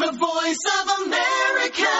The Voice of America.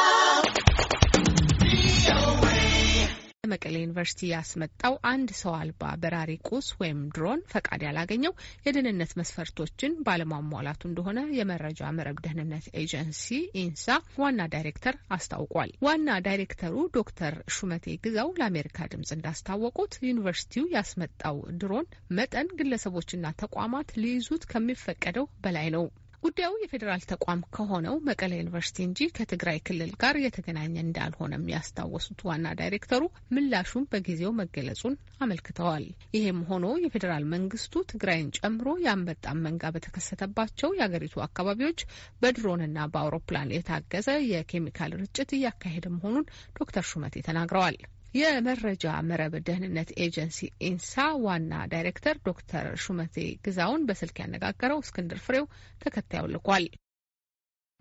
መቀሌ ዩኒቨርሲቲ ያስመጣው አንድ ሰው አልባ በራሪ ቁስ ወይም ድሮን ፈቃድ ያላገኘው የደህንነት መስፈርቶችን ባለማሟላቱ እንደሆነ የመረጃ መረብ ደህንነት ኤጀንሲ ኢንሳ ዋና ዳይሬክተር አስታውቋል። ዋና ዳይሬክተሩ ዶክተር ሹመቴ ግዛው ለአሜሪካ ድምጽ እንዳስታወቁት ዩኒቨርሲቲው ያስመጣው ድሮን መጠን ግለሰቦችና ተቋማት ሊይዙት ከሚፈቀደው በላይ ነው። ጉዳዩ የፌዴራል ተቋም ከሆነው መቀሌ ዩኒቨርሲቲ እንጂ ከትግራይ ክልል ጋር የተገናኘ እንዳልሆነም ያስታወሱት ዋና ዳይሬክተሩ ምላሹም በጊዜው መገለጹን አመልክተዋል። ይህም ሆኖ የፌዴራል መንግስቱ ትግራይን ጨምሮ የአንበጣ መንጋ በተከሰተባቸው የአገሪቱ አካባቢዎች በድሮንና በአውሮፕላን የታገዘ የኬሚካል ርጭት እያካሄደ መሆኑን ዶክተር ሹመቴ ተናግረዋል። የመረጃ መረብ ደህንነት ኤጀንሲ ኢንሳ ዋና ዳይሬክተር ዶክተር ሹመቴ ግዛውን በስልክ ያነጋገረው እስክንድር ፍሬው ተከታዩ ልኳል።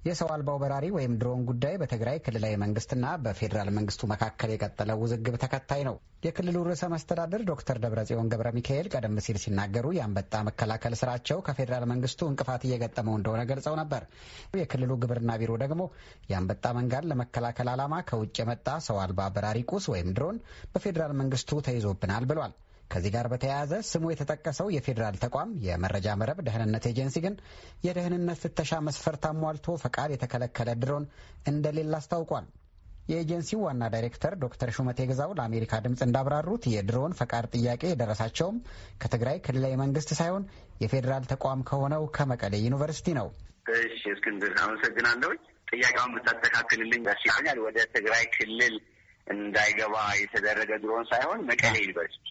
የሰው አልባው በራሪ ወይም ድሮን ጉዳይ በትግራይ ክልላዊ መንግስትና በፌዴራል መንግስቱ መካከል የቀጠለው ውዝግብ ተከታይ ነው። የክልሉ ርዕሰ መስተዳድር ዶክተር ደብረጽዮን ገብረ ሚካኤል ቀደም ሲል ሲናገሩ የአንበጣ መከላከል ስራቸው ከፌዴራል መንግስቱ እንቅፋት እየገጠመው እንደሆነ ገልጸው ነበር። የክልሉ ግብርና ቢሮ ደግሞ የአንበጣ መንጋን ለመከላከል ዓላማ ከውጭ የመጣ ሰው አልባ በራሪ ቁስ ወይም ድሮን በፌዴራል መንግስቱ ተይዞብናል ብሏል። ከዚህ ጋር በተያያዘ ስሙ የተጠቀሰው የፌዴራል ተቋም የመረጃ መረብ ደህንነት ኤጀንሲ ግን የደህንነት ፍተሻ መስፈርት አሟልቶ ፈቃድ የተከለከለ ድሮን እንደሌለ አስታውቋል። የኤጀንሲው ዋና ዳይሬክተር ዶክተር ሹመቴ ግዛው ለአሜሪካ ድምፅ እንዳብራሩት የድሮን ፈቃድ ጥያቄ የደረሳቸውም ከትግራይ ክልላዊ መንግስት ሳይሆን የፌዴራል ተቋም ከሆነው ከመቀሌ ዩኒቨርሲቲ ነው። እሺ እስክንድር አመሰግናለሁ። ጥያቄውን ብታስተካክልልኝ ደስ ይለኛል። ወደ ትግራይ ክልል እንዳይገባ የተደረገ ድሮን ሳይሆን መቀሌ ዩኒቨርሲቲ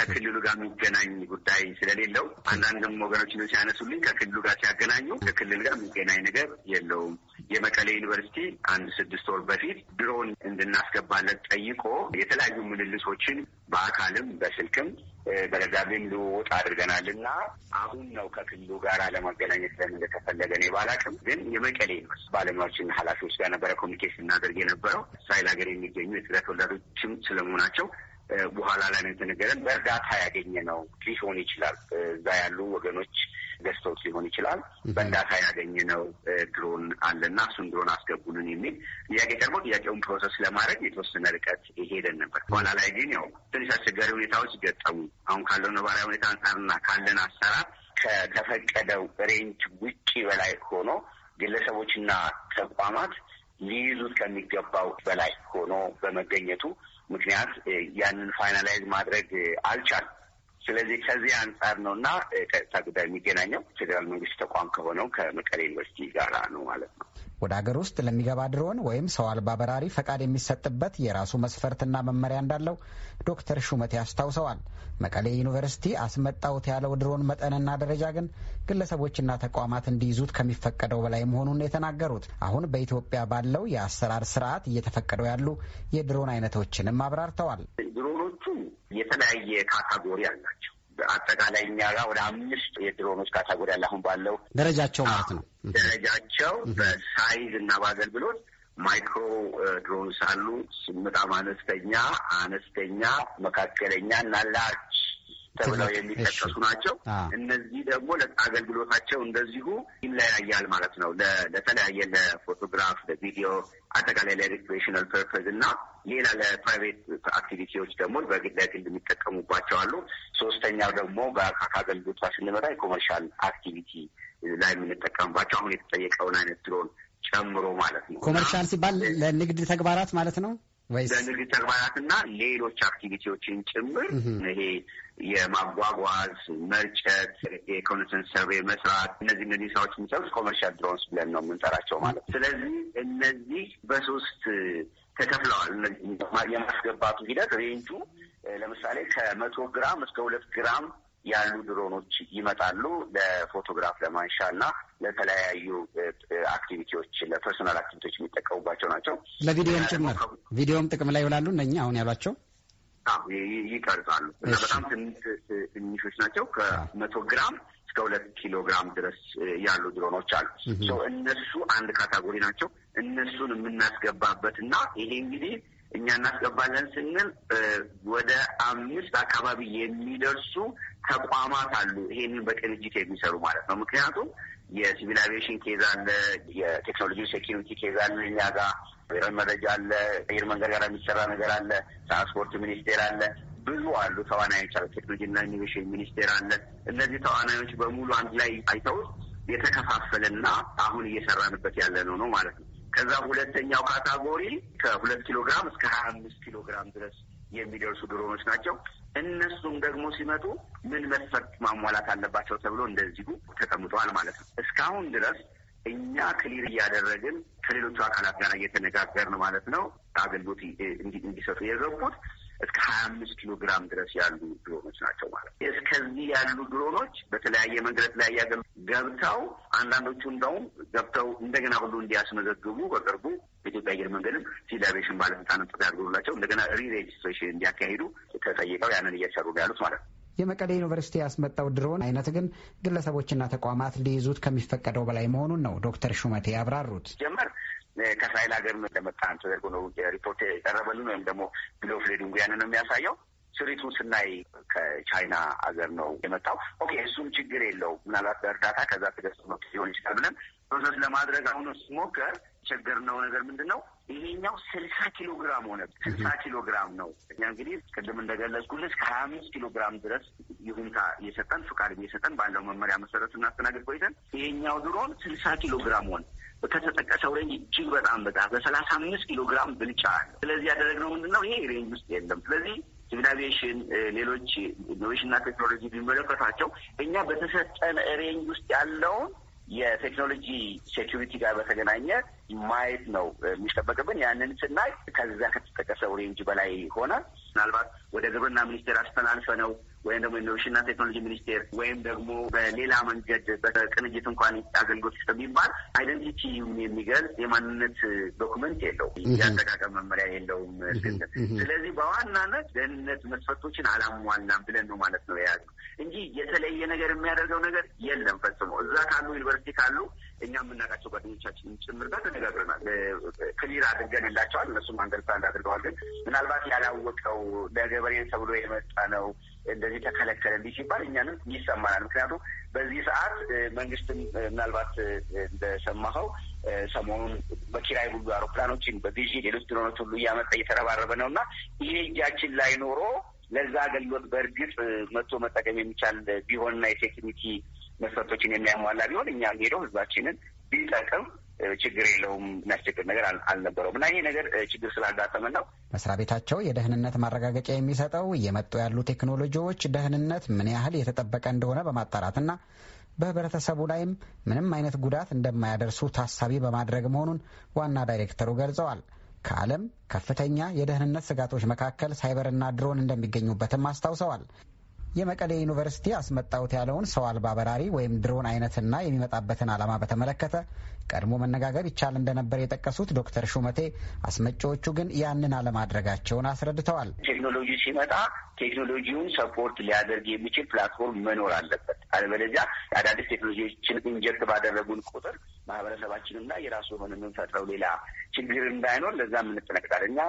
ከክልሉ ጋር የሚገናኝ ጉዳይ ስለሌለው አንዳንድም ወገኖች ነው ሲያነሱልኝ፣ ከክልሉ ጋር ሲያገናኙ ከክልል ጋር የሚገናኝ ነገር የለውም። የመቀሌ ዩኒቨርሲቲ አንድ ስድስት ወር በፊት ድሮን እንድናስገባለት ጠይቆ የተለያዩ ምልልሶችን በአካልም በስልክም በደብዳቤም ልውውጥ አድርገናል እና አሁን ነው ከክልሉ ጋር ለማገናኘት ለምን እንደተፈለገ እኔ ባላቅም፣ ግን የመቀሌ ዩኒቨርሲቲ ባለሙያዎችና ኃላፊዎች ጋር ነበረ ኮሚኒኬሽን እናደርግ የነበረው። እስራኤል ሀገር የሚገኙ የትግራይ ተወላጆችም ስለመሆናቸው በኋላ ላይ ነው የተነገረን። በእርዳታ ያገኘ ነው ሊሆን ይችላል። እዛ ያሉ ወገኖች ገዝተውት ሊሆን ይችላል። በእርዳታ ያገኘ ነው ድሮን አለና እሱን ድሮን አስገቡልን የሚል ጥያቄ ቀርቦ ጥያቄውን ፕሮሰስ ለማድረግ የተወሰነ ርቀት ይሄደን ነበር። በኋላ ላይ ግን ያው ትንሽ አስቸጋሪ ሁኔታዎች ገጠሙ። አሁን ካለው ነባራዊ ሁኔታ አንጻርና ካለን አሰራር ከተፈቀደው ሬንጅ ውጪ በላይ ሆኖ ግለሰቦችና ተቋማት ሊይዙት ከሚገባው በላይ ሆኖ በመገኘቱ ምክንያት ያንን ፋይናላይዝ ማድረግ አልቻልም። ስለዚህ ከዚህ አንጻር ነው እና ቀጥታ ጉዳይ የሚገናኘው ፌዴራል መንግስት ተቋም ከሆነው ከመቀሌ ዩኒቨርሲቲ ጋር ነው ማለት ነው። ወደ አገር ውስጥ ለሚገባ ድሮን ወይም ሰው አልባ በራሪ ፈቃድ የሚሰጥበት የራሱ መስፈርትና መመሪያ እንዳለው ዶክተር ሹመቴ አስታውሰዋል። መቀሌ ዩኒቨርሲቲ አስመጣውት ያለው ድሮን መጠንና ደረጃ ግን ግለሰቦችና ተቋማት እንዲይዙት ከሚፈቀደው በላይ መሆኑን የተናገሩት አሁን በኢትዮጵያ ባለው የአሰራር ስርዓት እየተፈቀደው ያሉ የድሮን አይነቶችንም አብራርተዋል። ድሮኖቹ የተለያየ ካታጎሪ አላቸው። አጠቃላይ እኛ ጋር ወደ አምስት የድሮኖች ካታጎሪ ያለ አሁን ባለው ደረጃቸው ማለት ነው። ደረጃቸው በሳይዝ እና በአገልግሎት ማይክሮ ድሮንስ አሉ። በጣም አነስተኛ፣ አነስተኛ፣ መካከለኛ እና ላርጅ ተብለው የሚጠቀሱ ናቸው። እነዚህ ደግሞ አገልግሎታቸው እንደዚሁ ይለያያል ማለት ነው። ለተለያየ ለፎቶግራፍ፣ ለቪዲዮ አጠቃላይ ለሪክሬሽናል ፐርፐዝ እና ሌላ ለፕራይቬት አክቲቪቲዎች ደግሞ በግለግል የሚጠቀሙባቸው አሉ። ሶስተኛው ደግሞ ከአገልግሎት ስንመጣ የኮመርሻል አክቲቪቲ ላይ የምንጠቀምባቸው አሁን የተጠየቀውን አይነት ድሮን ጨምሮ ማለት ነው። ኮመርሻል ሲባል ለንግድ ተግባራት ማለት ነው። በንግድ ተግባራትና ሌሎች አክቲቪቲዎችን ጭምር ይሄ የማጓጓዝ መርጨት፣ የኮንሰንስ ሰርቬ መስራት እነዚህ እነዚህ ስራዎች የሚሰሩት ኮመርሻል ድሮንስ ብለን ነው የምንጠራቸው ማለት ነው። ስለዚህ እነዚህ በሶስት ተከፍለዋል። የማስገባቱ ሂደት ሬንጁ ለምሳሌ ከመቶ ግራም እስከ ሁለት ግራም ያሉ ድሮኖች ይመጣሉ ለፎቶግራፍ ለማንሻ እና ለተለያዩ አክቲቪቲዎች ለፐርሶናል አክቲቪቲዎች የሚጠቀሙባቸው ናቸው። ለቪዲዮም ጭምር ቪዲዮም ጥቅም ላይ ይውላሉ። እነኛ አሁን ያሏቸው ይቀርጻሉ እና በጣም ትንሾች ናቸው። ከመቶ ግራም እስከ ሁለት ኪሎ ግራም ድረስ ያሉ ድሮኖች አሉ። እነሱ አንድ ካታጎሪ ናቸው። እነሱን የምናስገባበት እና ይሄ እንግዲህ እኛ እናስገባለን ስንል ወደ አምስት አካባቢ የሚደርሱ ተቋማት አሉ፣ ይሄንን በቅንጅት የሚሰሩ ማለት ነው። ምክንያቱም የሲቪል አቪዬሽን ኬዝ አለ፣ የቴክኖሎጂ ሴኪሪቲ ኬዝ አለ፣ እኛ ጋር ብሔራዊ መረጃ አለ፣ አየር መንገድ ጋር የሚሰራ ነገር አለ፣ ትራንስፖርት ሚኒስቴር አለ፣ ብዙ አሉ ተዋናዮች አሉ፣ ቴክኖሎጂና ኢኖቬሽን ሚኒስቴር አለ። እነዚህ ተዋናዮች በሙሉ አንድ ላይ አይተውት የተከፋፈለና አሁን እየሰራንበት ያለ ነው ነው ማለት ነው። ከዛ ሁለተኛው ካታጎሪ ከሁለት ኪሎ ግራም እስከ ሀያ አምስት ኪሎ ግራም ድረስ የሚደርሱ ድሮኖች ናቸው። እነሱም ደግሞ ሲመጡ ምን መስፈርት ማሟላት አለባቸው ተብሎ እንደዚሁ ተቀምጠዋል ማለት ነው። እስካሁን ድረስ እኛ ክሊር እያደረግን ከሌሎቹ አካላት ጋር እየተነጋገርን ማለት ነው አገልግሎት እንዲሰጡ የገቡት እስከ ሀያ አምስት ኪሎ ግራም ድረስ ያሉ ድሮኖች ናቸው ማለት ነው። እስከዚህ ያሉ ድሮኖች በተለያየ መንገድ ላይ ያገ ገብተው አንዳንዶቹ እንደውም ገብተው እንደገና ሁሉ እንዲያስመዘግቡ በቅርቡ በኢትዮጵያ አየር መንገድም ሲቪል አቪዬሽን ባለስልጣን ጥሪ አድርጎላቸው እንደገና ሪሬጅስትሬሽን እንዲያካሂዱ ተጠይቀው ያንን እየሰሩ ነው ያሉት ማለት ነው። የመቀሌ ዩኒቨርሲቲ ያስመጣው ድሮን አይነት ግን ግለሰቦችና ተቋማት ሊይዙት ከሚፈቀደው በላይ መሆኑን ነው ዶክተር ሹመቴ ያብራሩት። ጀመር ከእስራኤል ሀገር ነው እንደመጣ ተደርጎ ነው ሪፖርት የቀረበልን ወይም ደግሞ ቢል ኦፍ ሌዲንጉ ያንን ነው የሚያሳየው። ስሪቱን ስናይ ከቻይና ሀገር ነው የመጣው። ኦኬ እሱም ችግር የለው ምናልባት በእርዳታ ከዛ ተገጽ መ ሊሆን ይችላል ብለን ፕሮሰስ ለማድረግ አሁን ስሞከር ነው ነገር ምንድን ነው? ይሄኛው ስልሳ ኪሎ ግራም ሆነ። ስልሳ ኪሎ ግራም ነው። እኛ እንግዲህ ቅድም እንደገለጽኩልህ እስከ ሀያ አምስት ኪሎ ግራም ድረስ ይሁንታ እየሰጠን ፍቃድ እየሰጠን ባለው መመሪያ መሰረት እናስተናግድ ቆይተን ይሄኛው ድሮን ስልሳ ኪሎ ግራም ሆነ። ከተጠቀሰው ሬንጅ እጅግ በጣም በጣም በሰላሳ አምስት ኪሎ ግራም ብልጫ አለ። ስለዚህ ያደረግነው ምንድን ነው? ይሄ ሬንጅ ውስጥ የለም። ስለዚህ ሲቪል አቪዬሽን፣ ሌሎች ኢኖቬሽንና ቴክኖሎጂ ቢመለከቷቸው እኛ በተሰጠን ሬንጅ ውስጥ ያለውን የቴክኖሎጂ ሴኪሪቲ ጋር በተገናኘ ማየት ነው የሚጠበቅብን። ያንን ስናይ ከዛ ከተጠቀሰው ሬንጅ በላይ ሆነ ምናልባት ወደ ግብርና ሚኒስቴር አስተላልፈ ነው ወይም ደግሞ ኢኖቬሽንና ቴክኖሎጂ ሚኒስቴር ወይም ደግሞ በሌላ መንገድ በቅንጅት እንኳን አገልግሎት ስጥ የሚባል አይደንቲቲ የሚገልጽ የማንነት ዶኩመንት የለው የአጠቃቀም መመሪያ የለውም። ስለዚህ በዋናነት ደህንነት መስፈቶችን አላሟላም ብለን ነው ማለት ነው የያዝነው እንጂ የተለየ ነገር የሚያደርገው ነገር የለም። እዚህ ካሉ እኛ የምናውቃቸው ጓደኞቻችን ጭምር ጋር ተነጋግረናል። ክሊር አድርገን አድርገንላቸዋል። እነሱም አንደርስታንድ አድርገዋል። ግን ምናልባት ያላወቀው ለገበሬን ተብሎ የመጣ ነው እንደዚህ ተከለከለ እንዲህ ሲባል እኛንም ይሰማናል። ምክንያቱም በዚህ ሰዓት መንግስትም ምናልባት እንደሰማኸው ሰሞኑን በኪራይ ሁሉ አውሮፕላኖችን በግዢ ሌሎች ድሮኖች ሁሉ እያመጣ እየተረባረበ ነው እና ይሄ እጃችን ላይ ኖሮ ለዛ አገልግሎት በእርግጥ መቶ መጠቀም የሚቻል ቢሆንና የሴኪሪቲ መስፈርቶችን የሚያሟላ ቢሆን እኛ ሄደው ህዝባችንን ቢጠቅም ችግር የለውም የሚያስቸግር ነገር አልነበረውም እና ይሄ ነገር ችግር ስላጋጠመን ነው። መስሪያ ቤታቸው የደህንነት ማረጋገጫ የሚሰጠው እየመጡ ያሉ ቴክኖሎጂዎች ደህንነት ምን ያህል የተጠበቀ እንደሆነ በማጣራትና በህብረተሰቡ ላይም ምንም አይነት ጉዳት እንደማያደርሱ ታሳቢ በማድረግ መሆኑን ዋና ዳይሬክተሩ ገልጸዋል። ከዓለም ከፍተኛ የደህንነት ስጋቶች መካከል ሳይበርና ድሮን እንደሚገኙበትም አስታውሰዋል። የመቀሌ ዩኒቨርሲቲ አስመጣሁት ያለውን ሰው አልባ በራሪ ወይም ድሮን አይነትና የሚመጣበትን ዓላማ በተመለከተ ቀድሞ መነጋገር ይቻል እንደነበር የጠቀሱት ዶክተር ሹመቴ አስመጪዎቹ ግን ያንን አለማድረጋቸውን አስረድተዋል። ቴክኖሎጂ ሲመጣ ቴክኖሎጂውን ሰፖርት ሊያደርግ የሚችል ፕላትፎርም መኖር አለበት። አለበለዚያ አዳዲስ ቴክኖሎጂዎችን ኢንጀክት ባደረጉን ቁጥር ማህበረሰባችንና የራሱ የሆነ የምንፈጥረው ሌላ ችግር እንዳይኖር ለዛ የምንጠነቅቃለን። እኛ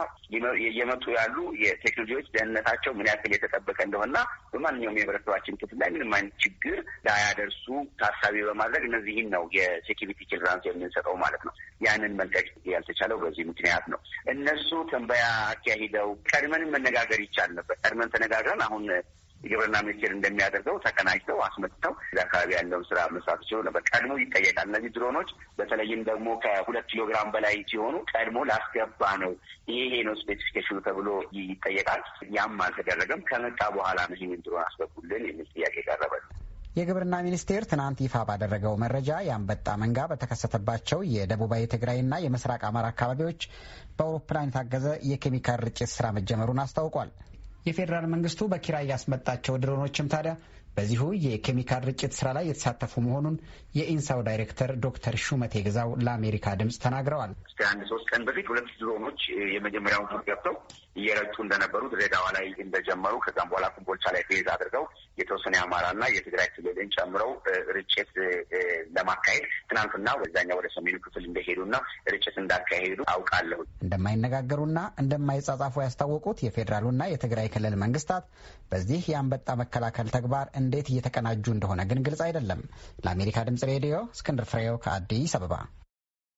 የመጡ ያሉ የቴክኖሎጂዎች ደህንነታቸው ምን ያክል የተጠበቀ እንደሆነና በማን በማንኛውም የህብረተሰባችን ክፍል ላይ ምንም አይነት ችግር ላያደርሱ ታሳቢ በማድረግ እነዚህን ነው የሴኪሪቲ ችልድራንስ የምንሰጠው ማለት ነው። ያንን መልቀቅ ያልተቻለው በዚህ ምክንያት ነው። እነሱ ትንበያ አካሂደው ቀድመንም መነጋገር ይቻል ነበር። ቀድመን ተነጋግረን አሁን የግብርና ሚኒስቴር እንደሚያደርገው ተቀናጅተው አስመጥተው አካባቢ ያለውን ስራ መስራት ሲሆን ቀድሞ ይጠየቃል። እነዚህ ድሮኖች በተለይም ደግሞ ከሁለት ኪሎ ግራም በላይ ሲሆኑ ቀድሞ ላስገባ ነው ይሄ ነው ስፔሲፊኬሽኑ ተብሎ ይጠየቃል። ያም አልተደረገም። ከመጣ በኋላ ነው ይህን ድሮን አስገቡልን የሚል ጥያቄ ቀረበ። የግብርና ሚኒስቴር ትናንት ይፋ ባደረገው መረጃ የአንበጣ መንጋ በተከሰተባቸው የደቡባዊ ትግራይና የምስራቅ አማራ አካባቢዎች በአውሮፕላን የታገዘ የኬሚካል ርጭት ስራ መጀመሩን አስታውቋል። የፌዴራል መንግስቱ በኪራይ ያስመጣቸው ድሮኖችም ታዲያ በዚሁ የኬሚካል ርጭት ስራ ላይ የተሳተፉ መሆኑን የኢንሳው ዳይሬክተር ዶክተር ሹመቴ ግዛው ለአሜሪካ ድምፅ ተናግረዋል። ከአንድ ሶስት ቀን በፊት ሁለት ድሮኖች የመጀመሪያውን ዙር ገብተው እየረጩ እንደነበሩ ድሬዳዋ ላይ እንደጀመሩ ከዛም በኋላ ኮምቦልቻ ላይ ፌዝ አድርገው የተወሰነ የአማራና የትግራይ ክልልን ጨምረው ርጭት ለማካሄድ ትናንትና ወደዛኛው ወደ ሰሜኑ ክፍል እንደሄዱና ርጭት እንዳካሄዱ አውቃለሁ። እንደማይነጋገሩና እንደማይጻጻፉ ያስታወቁት የፌዴራሉና የትግራይ ክልል መንግስታት በዚህ የአንበጣ መከላከል ተግባር እንዴት እየተቀናጁ እንደሆነ ግን ግልጽ አይደለም። ለአሜሪካ ድምጽ ሬዲዮ እስክንድር ፍሬው ከአዲስ አበባ